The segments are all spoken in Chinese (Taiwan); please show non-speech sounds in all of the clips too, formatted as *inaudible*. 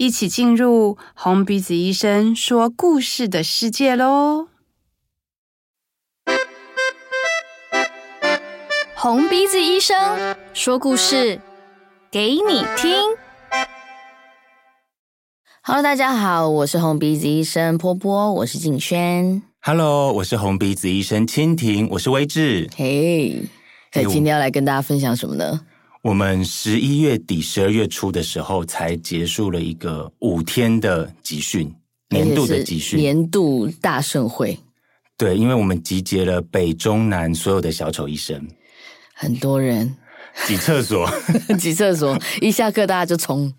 一起進入紅鼻子醫生說故事的世界嘍！紅鼻子醫生說故事給你聽。Hello，大家好，我是紅鼻子醫生波波，我是敬萱。Hello，我是紅鼻子醫生蜻蜓，我是威志。嘿，對，今天要來跟大家分享什麼呢？Hey, 我們十一月底、十二月初的時候，才結束了一個五天的集訓，年度的集訓，也也是年度大盛會。對，因為我們集結了北、中、南所有的小丑醫生，很多人擠廁所， *laughs* 擠廁所，一下課大家就衝，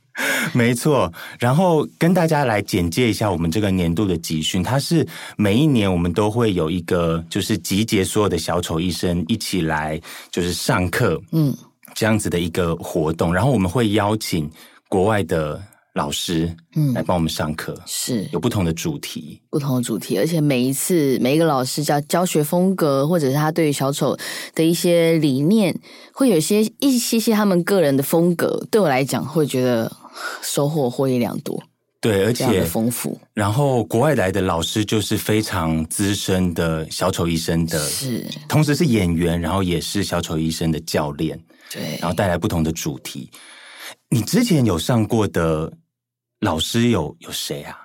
沒錯。然後跟大家來簡介一下我們這個年度的集訓，它是每一年我們都會有一個，就是集結所有的小丑醫生一起來，就是上課，嗯。這樣子的一個活動，然後我們會邀請國外的老師，嗯，來幫我們上課，是有不同的主題，不同的主題，而且每一次每一個老師教教學風格，或者是他對於小丑的一些理念，會有些一些些他們個人的風格。對我來講，會覺得收穫獲益良多，對，而且豐富。然後國外來的老師就是非常資深的小丑醫生的，是，同時是演員，然後也是小丑醫生的教練。對，然後帶來不同的主題。你之前有上過的老師有有誰啊？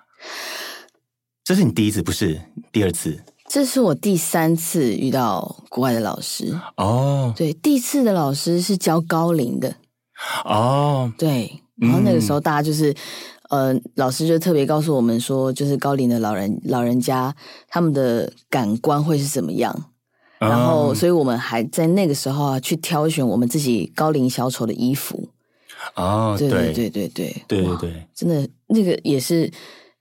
這是你第一次，不是第二次？這是我第三次遇到國外的老師。哦，對，第一次的老師是教高齡的。哦，對，然後那個時候大家就是，嗯、呃，老師就特別告訴我們說，就是高齡的老人，老人家，他們的感官會是怎麼樣。然後，所以我們還在那個時候啊，去挑選我們自己高齡小丑的衣服。哦，對對對對對對,對,對真的那個也是。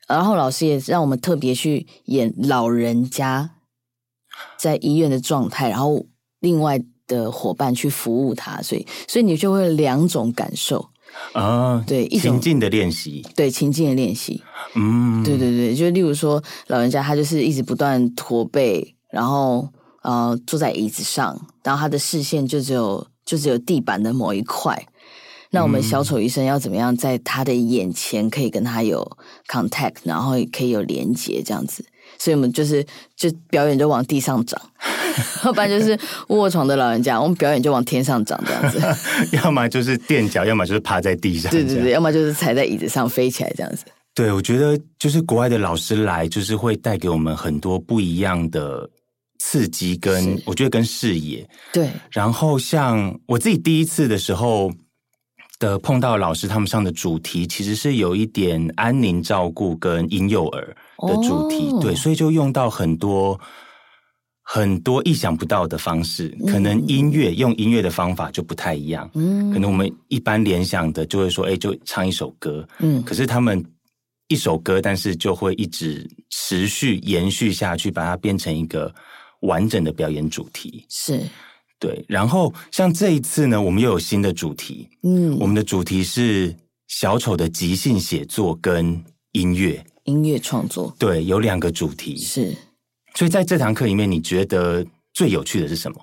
然後老師也讓我們特別去演老人家在醫院的狀態，然後另外的伙伴去服務他，所以所以你就會有兩種感受啊、哦，對，一種情境的練習，對情境的練習，嗯，對對對，就例如說老人家他就是一直不斷駝背，然後。呃、uh，坐在椅子上，然後他的視線就只有就只有地板的某一塊。那我們小丑醫生要怎麼樣在他的眼前可以跟他有 contact，然後也可以有連接這樣子？所以我們就是就表演就往地上長， *laughs* 要不然就是臥床的老人家，我們表演就往天上長這樣子。 *laughs* 要麼就是墊腳，要麼就是趴在地上， *laughs* 對對對，要麼就是踩在椅子上飛起來這樣子。對，我覺得就是國外的老師來，就是會帶給我們很多不一樣的。刺激跟我覺得跟視野。對，然後像我自己第一次的時候的碰到的老師他們上的主題其實是有一點安寧照顧跟嬰幼兒的主題。哦，對，所以就用到很多很多意想不到的方式，嗯、可能音樂用音樂的方法就不太一樣。嗯，可能我們一般聯想的就會說，哎，就唱一首歌，嗯，可是他們一首歌，但是就會一直持續延續下去，把它變成一個。完整的表演主題，是對，然後像這一次呢，我們又有新的主題，嗯，我們的主題是小丑的即興寫作跟音樂，音樂創作，對，有兩個主題是。所以在這堂課裡面，你覺得最有趣的是什麼？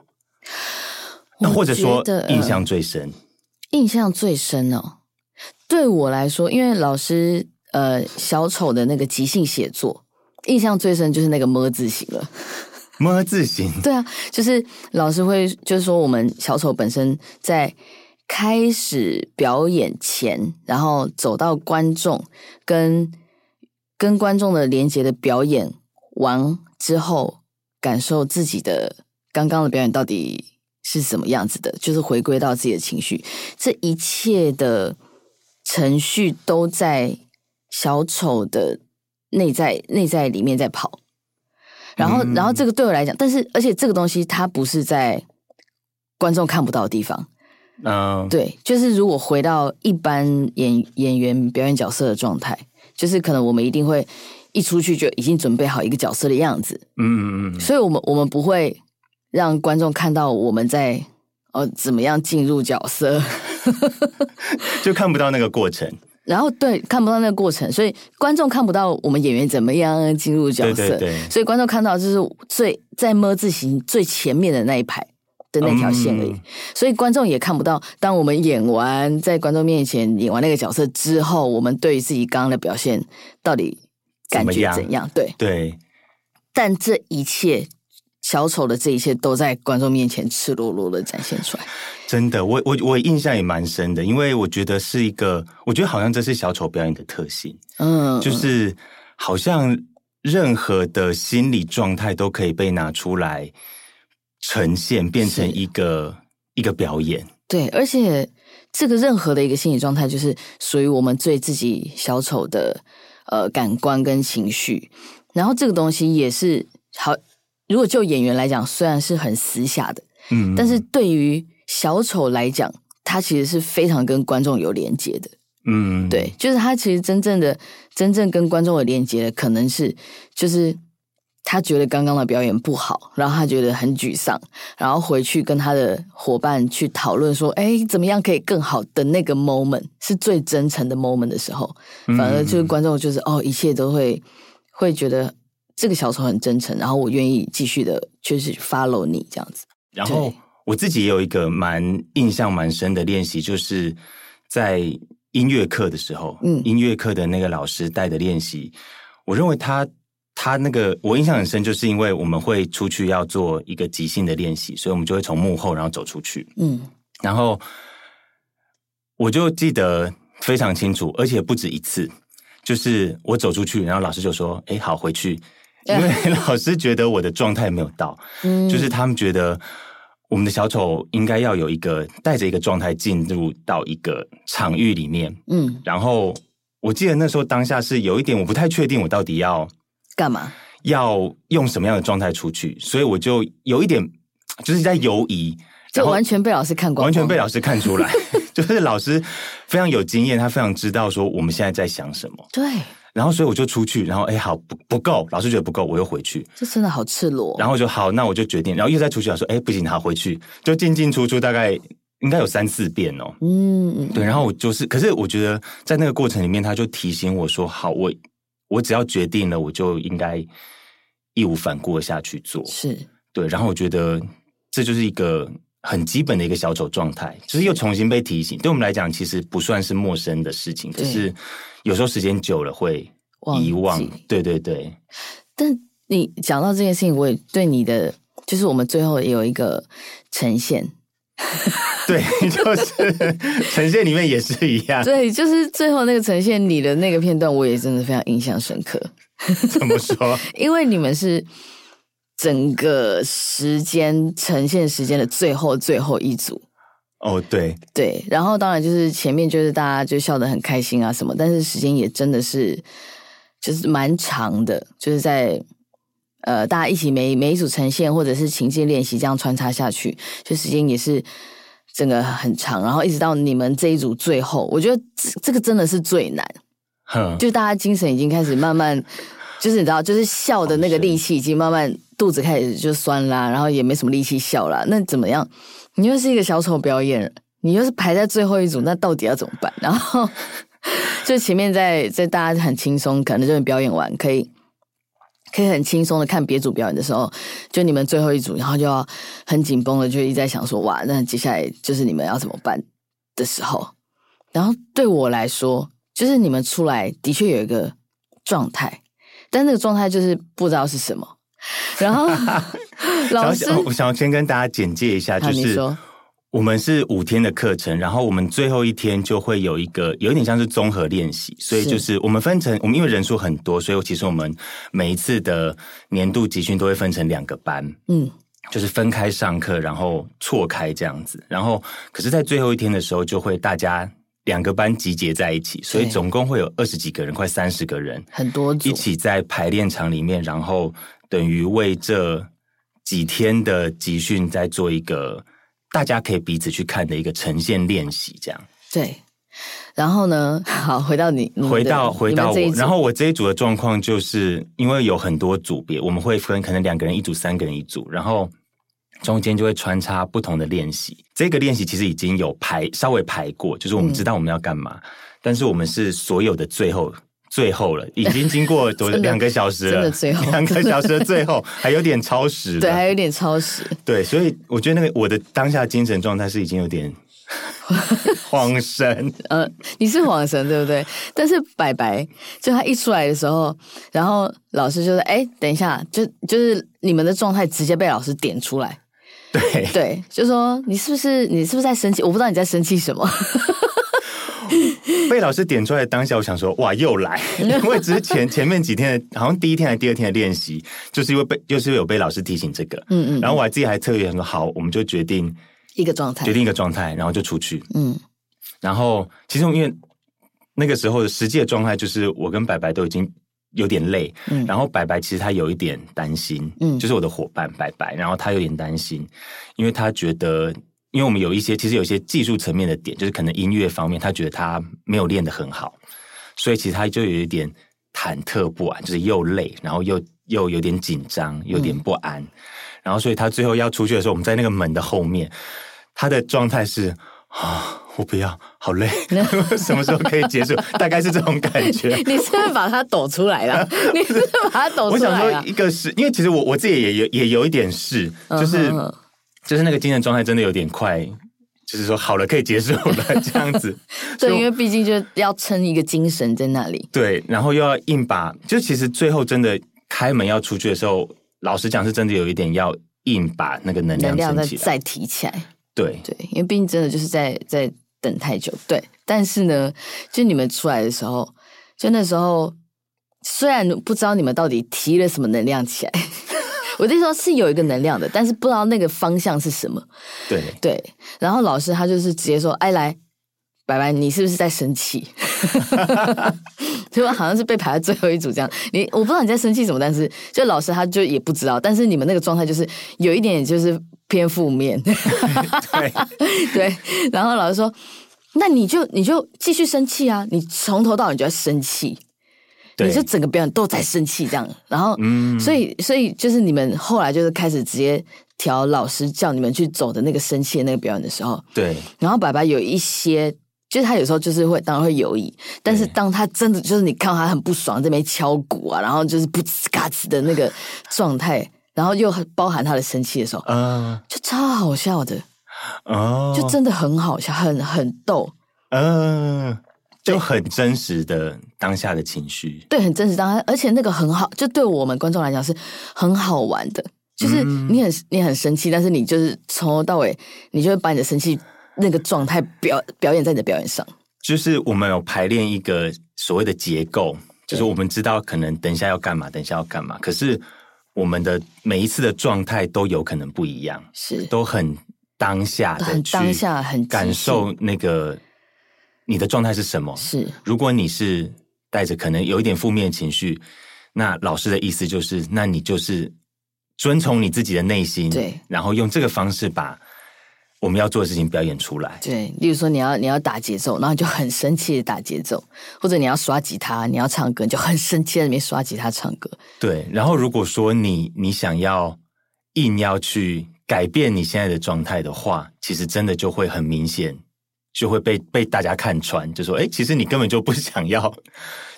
那或者說印象最深，呃？印象最深哦，對我來說，因為老師呃，小丑的那個即興寫作印象最深就是那個麼字型了。麼自行？對啊，就是老師會就是說，我們小丑本身在開始表演前，然後走到觀眾跟跟觀眾的連接的表演完之後，感受自己的剛剛的表演到底是什麼樣子的，就是回歸到自己的情緒。這一切的程序都在小丑的內在、內在裡面在跑。然後，然後這個對我來講，但是而且這個東西它不是在觀眾看不到的地方，嗯、oh.，對，就是如果回到一般演演員表演角色的狀態，就是可能我們一定會一出去就已經準備好一個角色的樣子，嗯嗯嗯，所以我們我們不會讓觀眾看到我們在呃、哦、怎麼樣進入角色， *laughs* 就看不到那個過程。然後對，看不到那個過程，所以觀眾看不到我們演員怎麼樣進入角色，對對對。所以觀眾看到就是最在摸字形最前面的那一排的那條線而已，嗯、所以觀眾也看不到。當我們演完在觀眾面前演完那個角色之後，我們對於自己剛剛的表現到底感覺怎樣？怎樣對對，但這一切。小丑的這一切都在觀眾面前赤裸裸的展現出來，真的，我我我印象也蠻深的，因為我覺得是一個，我覺得好像這是小丑表演的特性，嗯，就是好像任何的心理狀態都可以被拿出來呈現，變成一個一個表演。對，而且這個任何的一個心理狀態，就是屬於我們對自己小丑的呃感官跟情緒，然後這個東西也是好。如果就演員來講，雖然是很私下的，嗯，但是對於小丑來講，他其實是非常跟觀眾有連結的，嗯，對，就是他其實真正的、真正跟觀眾有連結的，可能是就是他覺得剛剛的表演不好，然後他覺得很沮喪，然後回去跟他的夥伴去討論說，哎、欸，怎麼樣可以更好的那個 moment 是最真誠的 moment 的時候，反而就是觀眾就是、嗯、哦，一切都會會覺得。這個小丑很真誠，然後我願意繼續的，就是 follow 你這樣子。然後我自己也有一個蠻印象蠻深的練習，就是在音樂課的時候，嗯，音樂課的那個老師帶的練習。我認為他他那個我印象很深，就是因為我們會出去要做一個即興的練習，所以我們就會從幕後然後走出去。嗯，然後我就記得非常清楚，而且不止一次，就是我走出去，然後老師就說：“哎，好，回去。” Yeah. 因為老師覺得我的狀態沒有到，嗯，就是他們覺得我們的小丑應該要有一個帶着一個狀態進入到一個場域裡面。嗯，然後我記得那時候當下是有一點我不太確定我到底要幹嘛，要用什麼樣的狀態出去，所以我就有一點就是在猶疑，嗯，就完全被老師看光光，完全被老師看出來， *laughs* 就是老師非常有經驗，他非常知道說我們現在在想什麼。對。然後，所以我就出去，然後哎、欸，好，不不夠，老師覺得不夠，我又回去。這真的好赤裸。然後我就好，那我就決定，然後又再出去，老師說哎、欸，不行，他回去，就進進出出，大概應該有三四遍哦。嗯嗯。對，然後我就是，可是我覺得在那個過程裡面，他就提醒我說，好，我我只要決定了，我就應該義無反顧的下去做。是對，然後我覺得這就是一個。很基本的一個小丑狀態，就是又重新被提醒。對我們來講，其實不算是陌生的事情，可是有時候時間久了會遺忘，忘記。對對對。但你講到這件事情，我也對你的，就是我們最後也有一個呈現，對，就是呈現裡面也是一樣。 *laughs* 對，就是最後那個呈現你的那個片段，我也真的非常印象深刻。怎麼說？ *laughs* 因為你們是。整個時間呈現時間的最後最後一組，哦、oh,，對對，然後當然就是前面就是大家就笑得很開心啊什麼，但是時間也真的是就是蠻長的，就是在呃大家一起每每一組呈現或者是情境練習這樣穿插下去，就時間也是整個很長，然後一直到你們這一組最後，我覺得這這個真的是最難，huh. 就大家精神已經開始慢慢。就是你知道，就是笑的那個力氣已經慢慢肚子開始就酸啦啊，然後也沒什麼力氣笑啦啊，那怎麼樣？你又是一個小丑表演，你又是排在最後一組，那到底要怎麼辦？然後就前面在在大家很輕鬆，可能就是表演完，可以可以很輕鬆的看別組表演的時候，就你們最後一組，然後就要很緊繃的，就一直在想說哇，那接下來就是你們要怎麼辦的時候。然後對我來說，就是你們出來的確有一個狀態。但那個狀態就是不知道是什麼，然後， *laughs* 然後老師，我想要先跟大家簡介一下，就是你說我們是五天的課程，然後我們最後一天就會有一個，有一點像是綜合練習，所以就是我們分成，我們因為人數很多，所以我其實我們每一次的年度集訓都會分成兩個班，嗯，就是分開上課，然後錯開這樣子，然後可是，在最後一天的時候，就會大家。兩個班集結在一起，所以總共會有二十幾個人，快三十個人，很多組一起在排練場裡面，然後等於為這幾天的集訓在做一個大家可以彼此去看的一個呈現練習，這樣。對，然後呢？好，回到你， *laughs* 嗯、回到回到我，然後我這一組的狀況就是因為有很多組別，我們會分，可能兩個人一組，三個人一組，然後。中間就會穿插不同的練習，這個練習其實已經有排稍微排過，就是我們知道我們要幹嘛，嗯、但是我們是所有的最後最後了，已經經過了兩個小時了，最後兩個小時的最後還有點超時，對，還有點超時，對，所以我覺得那個我的當下的精神狀態是已經有點晃神， *laughs* 呃，你是晃神對不對？但是白白就他一出來的時候，然後老師就說、是：“哎，等一下，就就是你們的狀態直接被老師點出來。”對對，就說你是不是你是不是在生氣？我不知道你在生氣什麼。 *laughs* 被老師點出來當下，我想說哇，又來！ *laughs* 因為之前前面幾天的，好像第一天還是第二天的練習，就是因為被就是有被老師提醒這個，嗯嗯，然後我還自己還特別很好，我們就決定一個狀態，決定一個狀態，然後就出去，嗯。然後其實因為那個時候的實際的狀態就是，我跟白白都已經。有點累，嗯，然後波波其實他有一點擔心，嗯，就是我的夥伴波波，然後他有點擔心，因為他覺得，因為我們有一些其實有一些技術層面的點，就是可能音樂方面，他覺得他沒有練得很好，所以其實他就有一點忐忑不安，就是又累，然後又又有點緊張，有點不安，嗯，然後所以他最後要出去的時候，我們在那個門的後面，他的狀態是啊。哦我不要，好累， *laughs* 什麼時候可以結束？ *laughs* 大概是這種感覺。你是不是把它抖出來了？你是不是把它抖出來？我想說，一個是因為其實我我自己也有也有一點是，就是、uh、-huh -huh. 就是那個精神狀態真的有點快，就是說好了可以結束了這樣子。 *laughs* 對，因為畢竟就要撐一個精神在那裡。對，然後又要硬把，就其實最後真的開門要出去的時候，老實講是真的有一點要硬把那個能量能量再,再提起來。對對，因為畢竟真的就是在在等太久。對，但是呢，就你們出來的時候，就那時候雖然不知道你們到底提了什麼能量起來， *laughs* 我那時候是有一個能量的，但是不知道那個方向是什麼。對對，然後老師他就是直接說：“哎，來白白，你是不是在生氣？” *laughs* *laughs* *laughs* *laughs* 就好像是被排在最後一組這樣。你我不知道你在生氣什麼，但是就老師他就也不知道，但是你們那個狀態就是有一點就是。偏負面， *laughs* 對 *laughs* 對。然後老師說：“那你就你就繼續生氣啊！你從頭到尾就要生氣，你就整個表演，都在生氣這樣。”然後，嗯、所以所以就是你們後來就是開始直接調老師叫你們去走的那個生氣的那個表演的時候，對。然後波波有一些，就是他有時候就是會當然會猶豫，但是當他真的就是你看到他很不爽，這邊敲鼓啊，然後就是不吱嘎吱的那個狀態。 *laughs* 然後又包含他的生氣的時候，嗯，就超好笑的，哦，就真的很好笑，很很逗，嗯，就很真實的當下的情緒，對，很真實當下，而且那個很好，就對我們觀眾來講是很好玩的，就是你很，嗯，你很生氣，但是你就是從頭到尾，你就會把你的生氣那個狀態表表演在你的表演上，就是我們有排練一個所謂的結構，就是我們知道可能等一下要幹嘛，等一下要幹嘛，可是。我們的每一次的狀態都有可能不一樣，是都很當下的去感受那個你的狀態是什麼。是，如果你是帶着可能有一點負面情緒，那老師的意思就是，那你就是遵從你自己的內心，對，然後用這個方式把。我們要做的事情表演出來，對，例如說你要你要打節奏，然後你就很生氣的打節奏，或者你要刷吉他，你要唱歌，你就很生氣的在那邊刷吉他唱歌。對，然後如果說你你想要硬要去改變你現在的狀態的話，其實真的就會很明顯，就會被被大家看穿，就說哎、欸，其實你根本就不想要，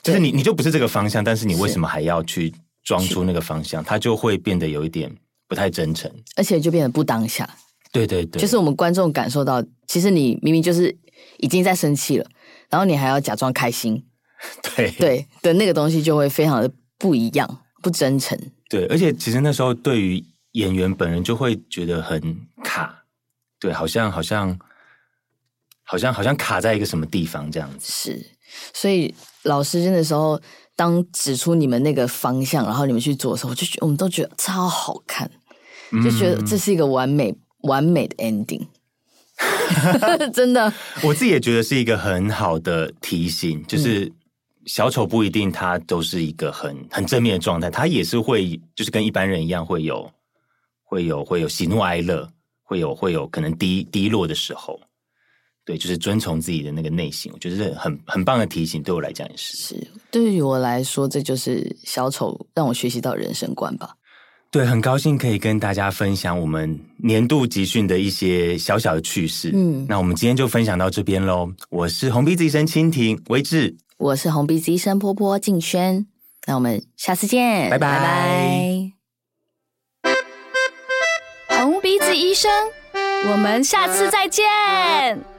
就是你你就不是這個方向，但是你為什麼還要去裝出那個方向？他就會變得有一點不太真誠，而且就變得不當下。對對對，就是我們觀眾感受到，其實你明明就是已經在生氣了，然後你還要假裝開心，對對的那個東西就會非常的不一樣，不真誠。對，而且其實那時候對於演員本人就會覺得很卡，對，好像好像好像好像卡在一個什麼地方這樣子。是，所以老師那時候當指出你們那個方向，然後你們去做的時候，我就覺得我們都覺得超好看，就覺得這是一個完美。嗯完美的 ending， *laughs* 真的， *laughs* 我自己也覺得是一個很好的提醒，就是小丑不一定他都是一個很很正面的狀態，他也是會就是跟一般人一樣會有會有會有喜怒哀樂，會有會有可能低低落的時候，對，就是遵從自己的那個內心，我覺得這很很棒的提醒，對我來講也是。是，對於我來說，這就是小丑讓我學習到人生觀吧。對，很高興可以跟大家分享我們年度集訓的一些小小的趣事。嗯，那我們今天就分享到這邊嘍。我是紅鼻子醫生蜻蜓威志。我是紅鼻子醫生波波敬萱。那我們下次見，拜拜拜。紅鼻子醫生，我們下次再見。